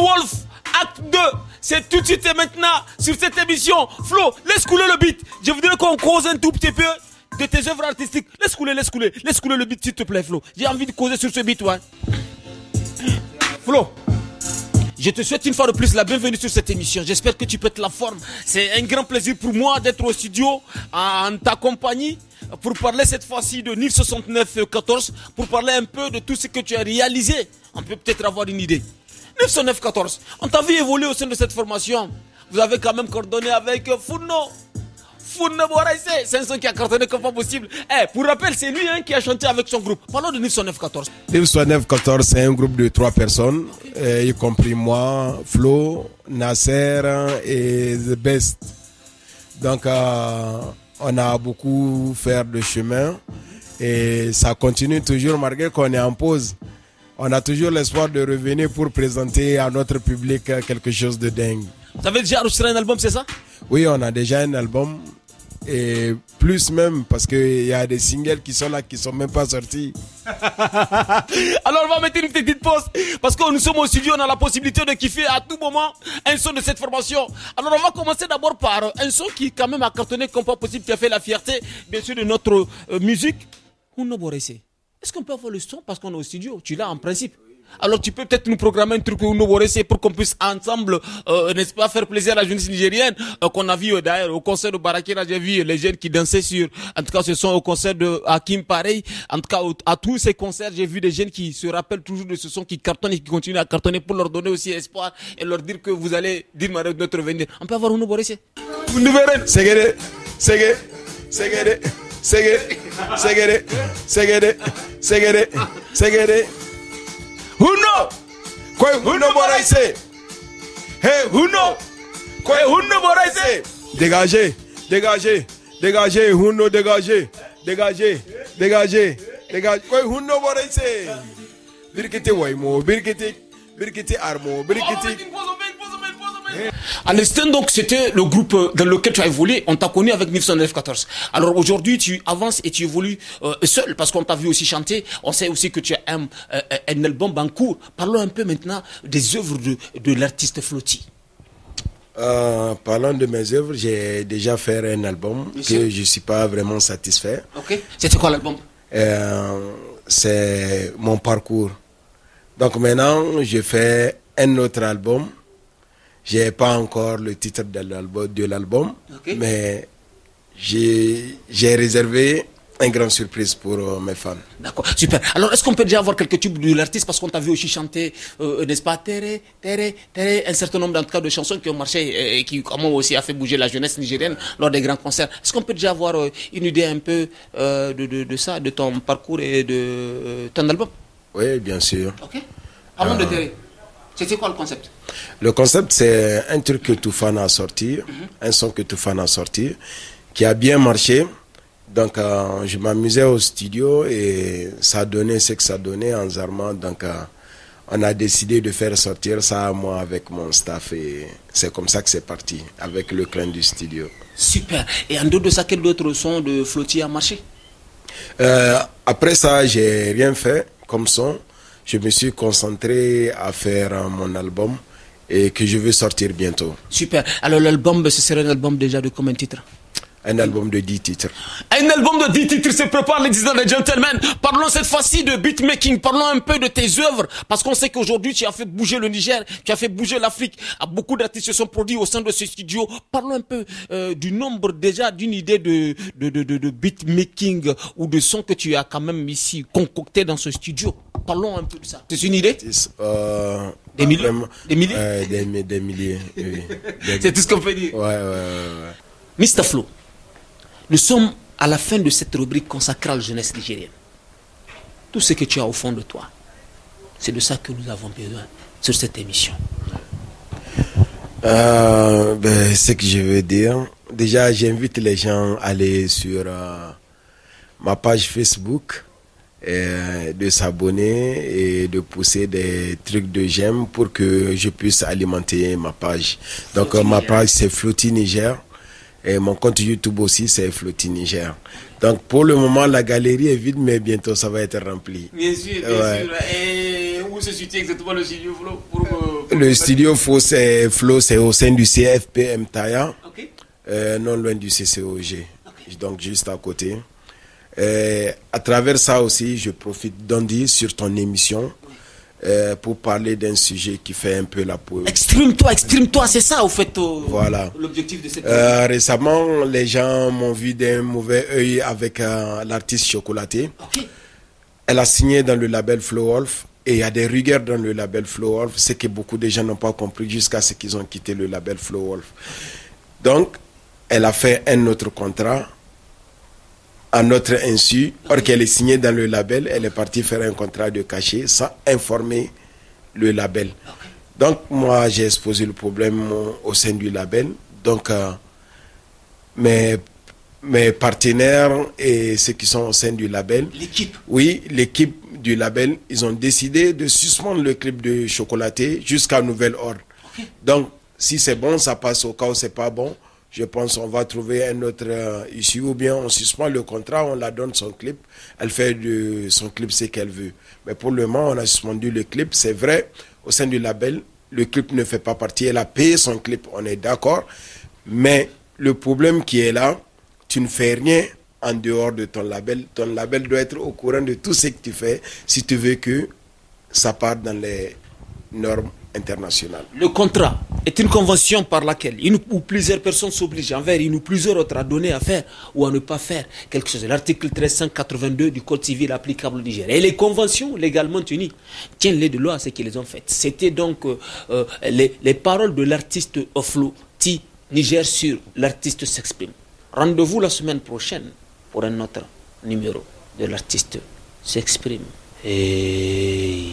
Wolf, acte 2. C'est tout de suite et maintenant sur cette émission. Flo, laisse couler le beat. Je voudrais qu'on cause un tout petit peu de tes œuvres artistiques. Laisse couler, laisse couler, laisse couler le beat, s'il te plaît, Flo. J'ai envie de causer sur ce beat, ouais. Flo. Je te souhaite une fois de plus la bienvenue sur cette émission. J'espère que tu peux être la forme. C'est un grand plaisir pour moi d'être au studio en ta compagnie pour parler cette fois-ci de NIF 69-14, pour parler un peu de tout ce que tu as réalisé. On peut peut-être avoir une idée. 909-14. On t'a vu évoluer au sein de cette formation. Vous avez quand même coordonné avec Founo. Founo c'est un qui a coordonné comme pas possible. Eh, pour rappel, c'est lui hein, qui a chanté avec son groupe. Parlons de 909 914 914, c'est un groupe de trois personnes, euh, y compris moi, Flo, Nasser et The Best. Donc, euh, on a beaucoup fait de chemin et ça continue toujours malgré qu'on est en pause on a toujours l'espoir de revenir pour présenter à notre public quelque chose de dingue. Vous avez déjà enregistré un album, c'est ça Oui, on a déjà un album. Et plus même, parce qu'il y a des singles qui sont là, qui sont même pas sortis. Alors on va mettre une petite pause, parce que nous sommes au studio, on a la possibilité de kiffer à tout moment un son de cette formation. Alors on va commencer d'abord par un son qui quand même a cartonné comme pas possible, qui a fait la fierté, bien sûr, de notre euh, musique. On est-ce qu'on peut avoir le son parce qu'on est au studio Tu l'as en principe. Alors tu peux peut-être nous programmer un truc où nous c'est pour qu'on puisse ensemble, euh, n'est-ce pas, faire plaisir à la jeunesse nigérienne euh, qu'on a vu euh, d'ailleurs au concert de Barakira, j'ai vu les jeunes qui dansaient sur, en tout cas ce sont au concert de Hakim pareil, en tout cas à tous ces concerts j'ai vu des jeunes qui se rappellent toujours de ce son, qui cartonne et qui continuent à cartonner pour leur donner aussi espoir et leur dire que vous allez dire de notre venir. On peut avoir un nouveau réessai. Vous nous verrez. C'est Segede, segede, segede, segede, segede. Huno, kwe huno boraise. Hey, huno, kwe huno boraise. Dégagez, dégagez, dégagez, huno dégagez, dégagez, dégagez, dégagez. Kwe huno boraise. Birkete waimo, birkete, birkete armo, birkete. Oh, Alestin, donc, c'était le groupe euh, dans lequel tu as évolué. On t'a connu avec 1914. Alors aujourd'hui, tu avances et tu évolues euh, seul parce qu'on t'a vu aussi chanter. On sait aussi que tu as euh, un, album en cours. Parlons un peu maintenant des œuvres de, de l'artiste Flotti. Euh, parlant de mes œuvres, j'ai déjà fait un album que je ne suis pas vraiment satisfait. C'était quoi l'album C'est mon parcours. Donc maintenant, je fais un autre album j'ai pas encore le titre de l'album, mais j'ai réservé une grande surprise pour euh, mes fans. D'accord, super. Alors, est-ce qu'on peut déjà avoir quelques tubes de l'artiste Parce qu'on t'a vu aussi chanter, euh, n'est-ce pas, Tere, Tere, Tere, un certain nombre, d'entre cas, de chansons qui ont marché euh, et qui, comment aussi, a fait bouger la jeunesse nigérienne lors des grands concerts. Est-ce qu'on peut déjà avoir une idée un peu de, ça, de ton parcours et de ton album Oui, bien sûr. Ok. Avant de Tere. C'est quoi le concept Le concept, c'est un truc que Toufan a sorti, mhm. un son que Toufan a sorti, qui a bien marché. Donc, euh, je m'amusais au studio et ça donnait ce que ça donnait en Zarma. Donc, euh, on a décidé de faire sortir ça, moi, avec mon staff. Et c'est comme ça que c'est parti, avec le clan du studio. Super. Et en dehors de ça, quel autres sons de Flottier a marché euh, Après ça, j'ai rien fait comme son je me suis concentré à faire euh, mon album et que je vais sortir bientôt. Super. Alors l'album, ce serait un album déjà de combien de titres un album de 10 titres. Un album de 10 titres se prépare, les gentlemen. Parlons cette fois-ci de beatmaking. Parlons un peu de tes œuvres. Parce qu'on sait qu'aujourd'hui, tu as fait bouger le Niger, tu as fait bouger l'Afrique. Ah, beaucoup d'artistes se sont produits au sein de ce studio. Parlons un peu euh, du nombre, déjà, d'une idée de, de, de, de, beatmaking ou de son que tu as quand même ici concocté dans ce studio. Parlons un peu de ça. C'est une idée euh, des, milliers, des milliers Des C'est tout ce qu'on peut dire. Ouais, ouais, ouais. ouais. Mr. Flo. Nous sommes à la fin de cette rubrique consacrée à la jeunesse nigérienne. Tout ce que tu as au fond de toi, c'est de ça que nous avons besoin sur cette émission. Euh, ben, ce que je veux dire, déjà j'invite les gens à aller sur euh, ma page Facebook, euh, de s'abonner et de pousser des trucs de j'aime pour que je puisse alimenter ma page. Donc ma page c'est Floti Niger. Et mon compte YouTube aussi, c'est Flotti Niger. Donc pour le moment, la galerie est vide, mais bientôt ça va être rempli. Bien sûr, bien sûr. Et où se situe exactement le studio Flo euh, Le studio Flo, c'est au sein du CFPM Taya, euh, non loin du CCOG, donc juste à côté. à travers ça aussi, je profite d'Andy sur ton émission euh, pour parler d'un sujet qui fait un peu la peau. Exprime-toi, exprime-toi, c'est ça au fait euh, voilà. l'objectif de cette euh, Récemment, les gens m'ont vu d'un mauvais œil avec euh, l'artiste chocolaté. Elle a signé dans le label Flow Wolf. Et il y a des rigueurs dans le label Flow Wolf, ce que beaucoup de gens n'ont pas compris jusqu'à ce qu'ils ont quitté le label Flow Wolf. Donc, elle a fait un autre contrat à notre insu. Or qu'elle est signée dans le label, elle est partie faire un contrat de cachet sans informer le label. Donc moi j'ai exposé le problème au sein du label. Donc euh, mes, partenaires et ceux qui sont au sein du label. L'équipe Oui, l'équipe du label, ils ont décidé de suspendre le clip de chocolaté jusqu'à nouvel ordre. Donc si c'est bon, ça passe au cas où c'est pas bon je pense qu'on va trouver un autre euh, issue, ou bien on suspend le contrat, on la donne son clip, elle fait de son clip ce qu'elle veut. Mais pour le moment, on a suspendu le clip, c'est vrai, au sein du label, le clip ne fait pas partie, elle a payé son clip, on est d'accord, mais le problème qui est là, tu ne fais rien en dehors de ton label. Ton label doit être au courant de tout ce que tu fais si tu veux que ça parte dans les normes internationales. Le contrat est une convention par laquelle une ou plusieurs personnes s'obligent envers une ou plusieurs autres à donner à faire ou à ne pas faire quelque chose. L'article 1382 du Code civil applicable au Niger. Et les conventions légalement unies tiennent les deux lois à ce qu'ils ont fait. C'était donc euh, euh, les, les, paroles de l'artiste Oflo T. Niger sur l'artiste s'exprime. Rendez-vous la semaine prochaine pour un autre numéro de l'artiste s'exprime. Et...